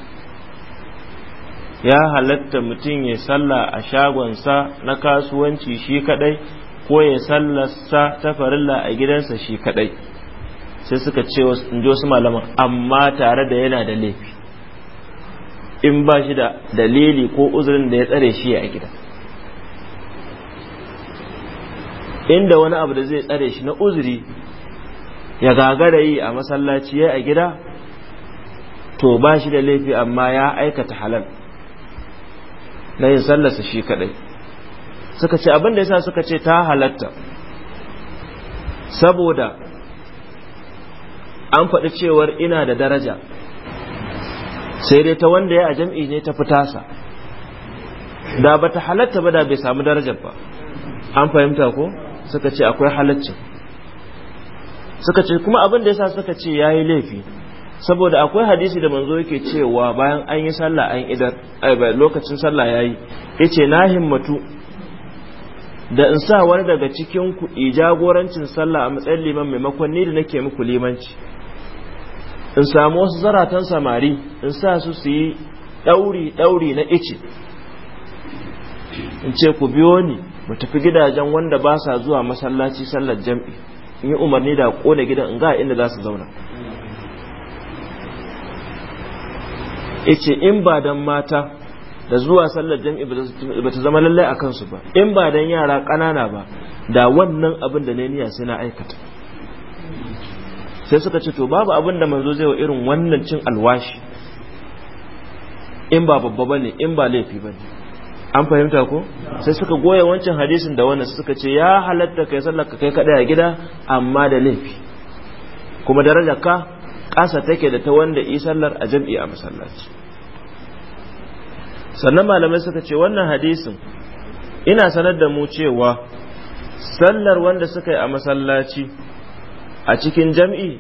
A: ya halatta mutum ya salla a shagonsa na kasuwanci shi kaɗai ko ya sallasta ta farilla a gidansa shi kadai sai suka ce in wasu malaman amma tare da yana da laifi in ba shi da dalili ko uzurin da ya tsare shi a gida inda wani abu da zai tsare shi na uzuri ya gagara yi a masallaci ya a gida to ba shi da laifi amma ya aikata halal na yin sallarsa shi kadai suka ce abin da yasa suka ce ta halatta saboda an faɗi cewar ina da daraja sai dai ta wanda ya a jam'i ne ta fitasa da ba ta halatta ba da bai samu darajar ba an fahimta ko suka ce akwai halaccin suka ce kuma abin da yasa suka ce yayi laifi saboda akwai hadisi da manzo yake cewa bayan an yi sallah an idar lokacin sallah yayi yace na himmatu da in sa wani daga cikin ku jagorancin sallah a matsayin liman maimakon ni da nake muku limanci in samu wasu zaratan samari in sa su su yi ɗauri-ɗauri na ice in ce ku biyo ni mu tafi gidajen wanda ba sa zuwa masallaci sallar jam'i in yi umarni da ƙone gidan in ga inda za su zauna ice in ba don mata da zuwa sallar jam'i ba ta zama lallai a kansu ba in ba dan yara ƙanana ba da wannan abin da na niyya sai na aikata sai suka ce to babu abin da manzo zai wa irin wannan cin alwashi in ba babba bane in ba laifi bane an fahimta ko sai suka goya wancan hadisin da wannan suka ce ya halatta kai sallar ka kai kada a gida amma da laifi kuma darajar ka ƙasa take da ta wanda yi sallar a jam'i a masallaci sannan malamai suka ce wannan hadisin ina sanar da mu cewa sallar wanda suka yi a masallaci a cikin jam'i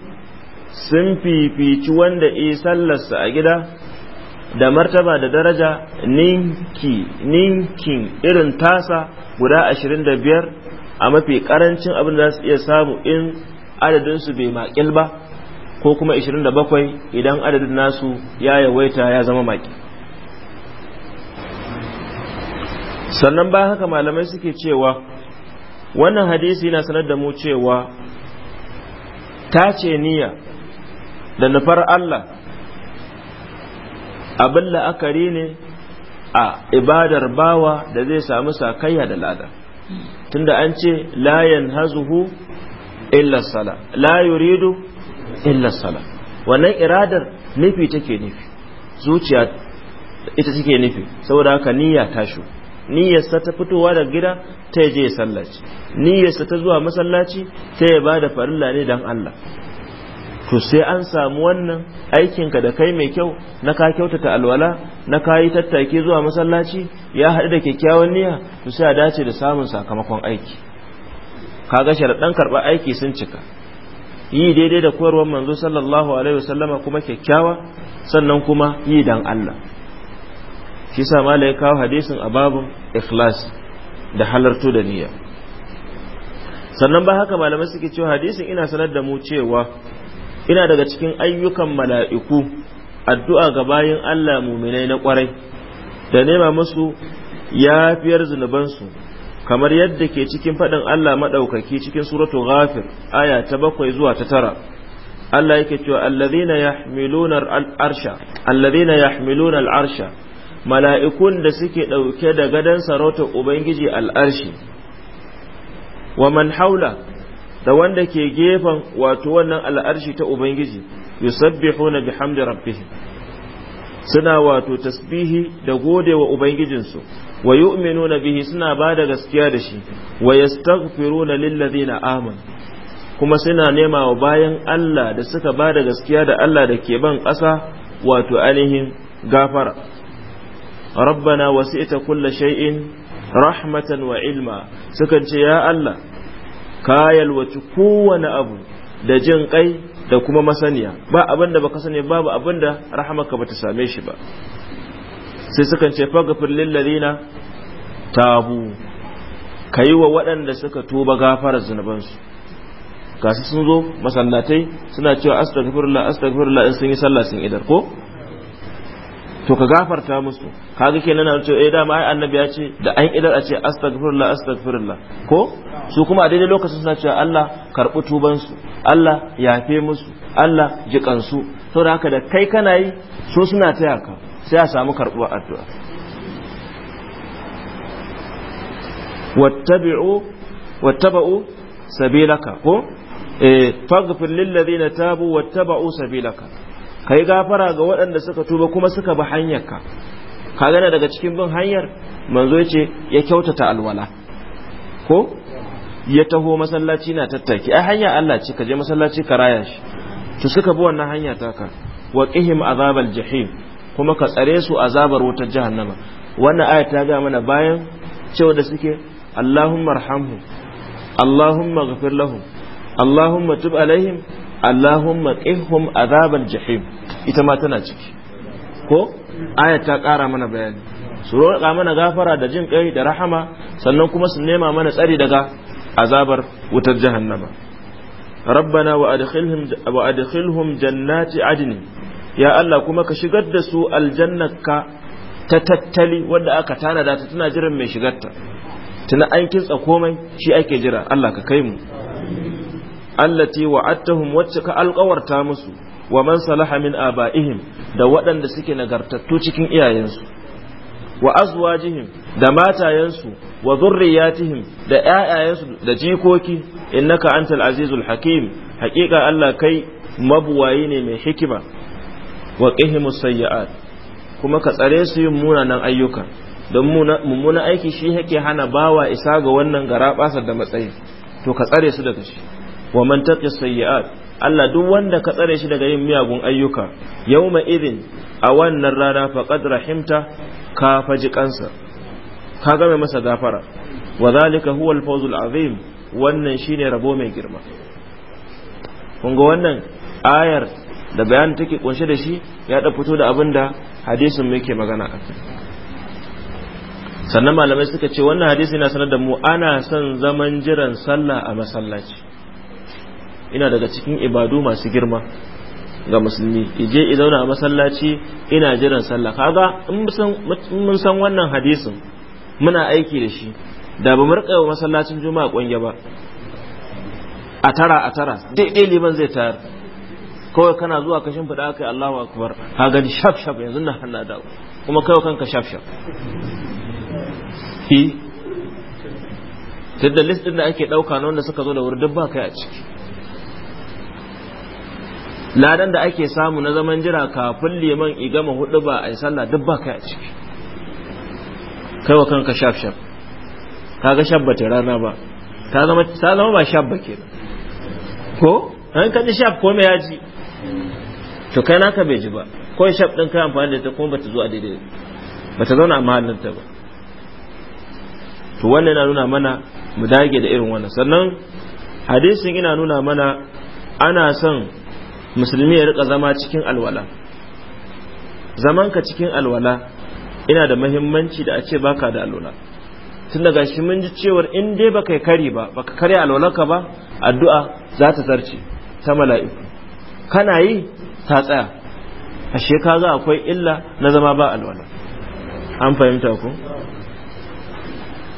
A: sun fifici wanda e sallarsa a gida da martaba da daraja ninki ninkin irin tasa guda ashirin da biyar a mafi karancin abin da su iya samu in adadinsu bai makil ba ko kuma ashirin da bakwai idan adadin nasu ya yawaita ya zama makil sannan ba haka malamai suke cewa wannan hadisi yana sanar da mu cewa ta ce niyya da nufar Allah abin la'akari ne a ibadar bawa da zai samu sakayya da lada tunda an ce layan hazuhu illa sala la yuridu illa sala wannan iradar nufi take nufi zuciya ita take nufi saboda haka niyya ta shu niyyarsa ta fitowa daga gida ta je sallaci niyyarsa ta zuwa masallaci ta ya ba da farilla ne dan Allah to sai an samu wannan aikinka da kai mai kyau na ka kyautata alwala na ka yi tattaki zuwa masallaci ya haɗu da kyakkyawan niyya to sai a dace da samun sakamakon aiki kaga sharaɗan karɓar aiki sun cika yi daidai da koyarwar manzo sallallahu alaihi wasallama kuma kyakkyawa sannan kuma yi dan Allah shi sa ma ya kawo hadisin a babun ikhlas da halarto da niyya sannan ba haka malamai suke cewa hadisin ina sanar da mu cewa ina daga cikin ayyukan mala'iku addu'a ga bayin Allah muminai na kwarai da nema musu yafiyar zunubansu kamar yadda ke cikin faɗin Allah maɗaukaki cikin suratu ghafir aya ta bakwai zuwa ta tara Allah yake cewa allazina yahmiluna al-arsha allazina yahmiluna al-arsha mala'ikun da suke ɗauke da gadon sarautar ubangiji al'arshi wa man haula da wanda ke gefen wato wannan al'arshi ta ubangiji na bihamdi rabbihim suna wato tasbihi da gode wa ubangijinsu wa na bihi suna ba da gaskiya da shi wa ya na lillazi na aman, kuma suna nema wa bayan Allah da suka ba da gaskiya da Allah da ke ban ƙasa wato ainihin gafara rabbana wasi'ta kulla shay'in rahmatan wa ilma sukan ce ya Allah ka yalwaci kowane abu da jin kai da kuma masaniya ba abinda baka sani babu abinda rahamaka bata same shi ba sai sukan ce faghfir lil ladina tabu kai wa waɗanda suka tuba gafarar su. gasu sun zo masallatai suna cewa astaghfirullah astaghfirullah in sun yi sallah sun idar ko to ka gafarta musu kaga kenan na ce eh dama ai annabi ya ce da an idar a ce astaghfirullah astaghfirullah ko su kuma a daidai lokacin suna cewa Allah karbi tuban su Allah yafe musu Allah jikan su saboda haka da kai kana yi so suna taya ka sai a samu karbuwa addu'a wattabi'u wattaba'u sabilaka ko eh faghfir lil ladina tabu wattaba'u sabilaka ka yi gafara ga waɗanda suka tuba kuma suka bi hanyarka ka gana daga cikin bin hanyar manzo ya ce ya kyautata alwala ko ya taho masallaci na tattaki ai hanya Allah ce ka je masallaci ka raya shi to suka bi wannan hanya taka wa qihim azabal jahim kuma ka tsare su azabar wutar jahannama wannan aya ta ga mana bayan cewa da suke Allahumma arhamhum Allahumma ghfir lahum Allahumma tub alaihim Allahumma qihhum azabal jahim ita ma tana ciki ko aya ta ƙara mana bayani su roƙa mana gafara da jin kai da rahama sannan kuma su nema mana tsari daga azabar wutar jahannama rabbana wa adkhilhum wa adkhilhum jannati adni ya Allah kuma ka shigar da su aljannaka ta tattali wanda aka tanada ta tana jiran mai shigarta tana an kintsa komai shi ake jira Allah ka kai mu allati wa'adtahum wacce ka alƙawarta musu wa man salaha min aba'ihim da waɗanda suke nagartattu cikin iyayensu wa azwajihim da matayensu wa zurriyatihim da ƴaƴayensu da jikoki innaka antal azizul hakim haƙiƙa Allah kai mabuwayi ne mai hikima wa qihimu sayyi'at kuma ka tsare su yin munanan ayyuka don mummunan aiki shi yake hana bawa isa ga wannan gara da matsayi to ka tsare su daga shi wa man taqi sayyi'at Allah duk wanda ka tsare shi daga yin miyagun ayyuka yauma idin a wannan rana faqad rahimta ka faji kansa ka ga masa gafara wa zalika huwa al-fawzul azim wannan shine rabo mai girma kun ga wannan ayar da bayanin take kunshe da shi ya da fito da abin da hadisin mu magana a sannan malamai suka ce wannan hadisi yana sanar da mu ana son zaman jiran sallah a masallaci ina daga cikin ibadu masu girma ga musulmi ije i zauna a masallaci ina jiran sallah kaga in mun san wannan hadisin muna aiki da shi da ba mu rika masallacin juma'a kwange ba a tara a tara daidai liman zai tayar kawai kana zuwa ka shimfiɗa kai Allahu akbar ka gani shaf shaf yanzu na hanna da kuma kai kanka shaf shaf tunda list din da ake dauka na wanda suka zo da wuri duk ba kai a ciki ladan da ake samu na zaman jira kafin liman i gama hudu ba a yi sallah duk ba kai a ciki kai wa kanka shaf shaf kaga shabbata rana ba ta zama ta zama ba shabba ke ko an ka ji shaf ko me ya ji to kai naka bai ji ba ko shaf din kai amfani da ta kuma bata zo a daidai bata zauna a mahallin ta ba to wannan yana nuna mana mu dage da irin wannan sannan hadisin ina nuna mana ana son musulmi ya rika zama cikin alwala zamanka cikin alwala ina da mahimmanci da a ce baka da alwala tun daga shi mun ji cewar in dai baka kari ba baka karya alwalarka ba addu'a za ta zarce ta mala'iku kana yi ta tsaya ashe ga akwai illa na zama ba alwala an fahimta ku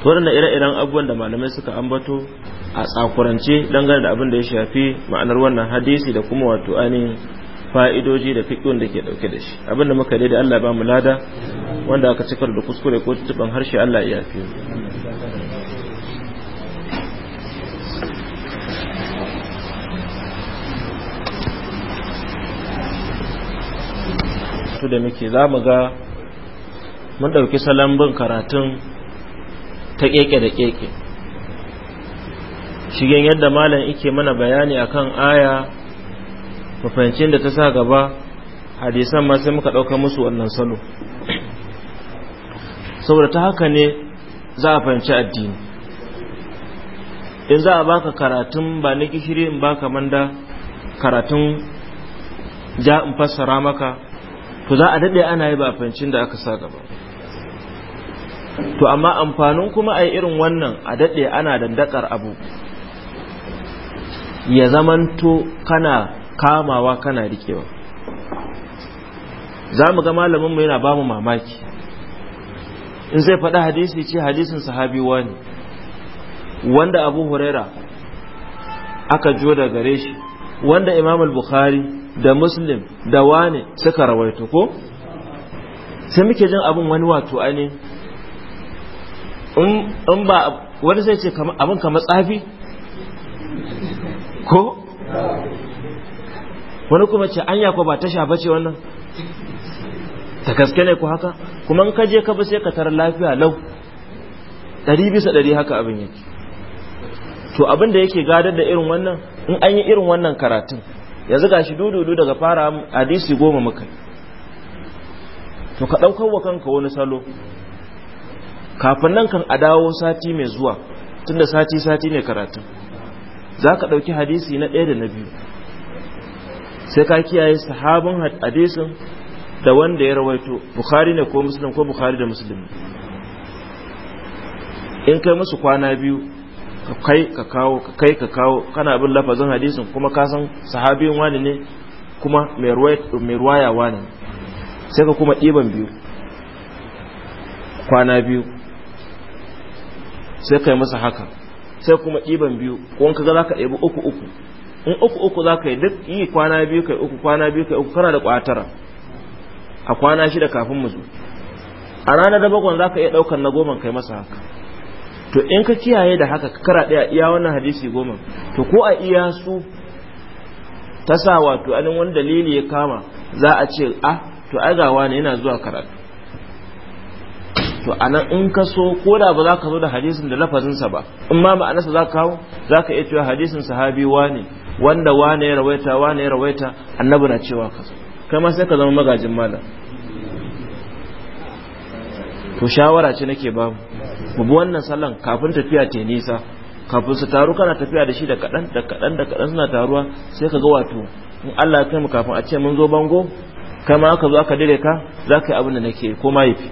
A: to ire-iren abubuwan da malamai suka ambato a tsakurance dangane da abin da ya shafi ma'anar wannan hadisi da kuma wato ainihin fa'idoji da fiƙin da ke ɗauke da shi abin da muka da Allah ba mu lada wanda aka cikar da kuskure ko tuban harshe Allah ya fi da muke za mu ga mun ɗauki salon bin karatun ta keke da keke shigen yadda malam yake mana bayani akan aya mafancin da ta sa gaba hadisan ma sai muka ɗauka musu wannan salo saboda ta haka ne za a fahimci addini in za a baka karatun ba na gishiri in baka manda karatun ja in fassara maka to za a daɗe ana yi ba fahimcin da aka sa gaba to amma amfanin kuma a irin wannan a daɗe ana dandakar abu ya zamanto kana kamawa kana rikewa za mu ga malaminmu yana ba mu mamaki in zai faɗi hadisi ce hadisin sahabi wani wanda abu huraira aka jo da gare shi wanda imam al-bukhari da muslim da wani suka rawaito ko sai muke jin abin wani wato ainihin in ba wani sai ce abin kamar tsafi ko wani kuma ce anya ko ba ta shafa ce wannan ta kaske ne ko haka kuma in kaje ka bi sai ka tarar lafiya lau ɗari bisa ɗari haka abin yake to abin da yake gadar da irin wannan in an yi irin wannan karatun yanzu ga shi dududu daga fara hadisi goma muka to ka ɗaukar wa kanka wani salo kafin nan kan a dawo sati mai zuwa tunda sati sati ne karatu za ka ɗauki hadisi na ɗaya da na biyu sai ka kiyaye sahabin hadisin da wanda ya rawaito bukhari ne ko musulun ko bukhari da musulun. in kai musu kwana biyu ka kai ka kawo ka kai ka kawo kana bin lafazin hadisin kuma ka san sahabin wani ne kuma mai ruwaya wani sai ka kuma ɗiban biyu kwana biyu sai kai masa haka sai kuma ɗiban biyu ko ka za ka ɗebi uku uku in uku uku za ka yi duk yi kwana biyu kai uku kwana biyu kai uku kana da ƙwatara a kwana shida kafin mu zo a ranar da bakon za ka iya ɗaukar na goma kai masa haka to in ka kiyaye da haka kara ɗaya iya wannan hadisi goma to ko a iya su ta sa wato anin wani dalili ya kama za a ce a ah, to agawa wani yana zuwa karatu to anan in ka so ko da ba za ka zo da hadisin da lafazin sa ba in ma anasa za ka kawo za ka iya cewa hadisin sahabi wane wanda wane ya rawaita wane ya rawaita annabi na cewa ka kai ma sai ka zama magajin malam to shawara ce nake babu mu bi wannan salon kafin tafiya ta nisa kafin su taru kana tafiya da shi da kaɗan da kaɗan da kaɗan suna taruwa sai ka ga wato in Allah ya kai mu kafin a ce mun zo bango kama aka zo aka dire ka za ka yi abin da nake ko ma yafi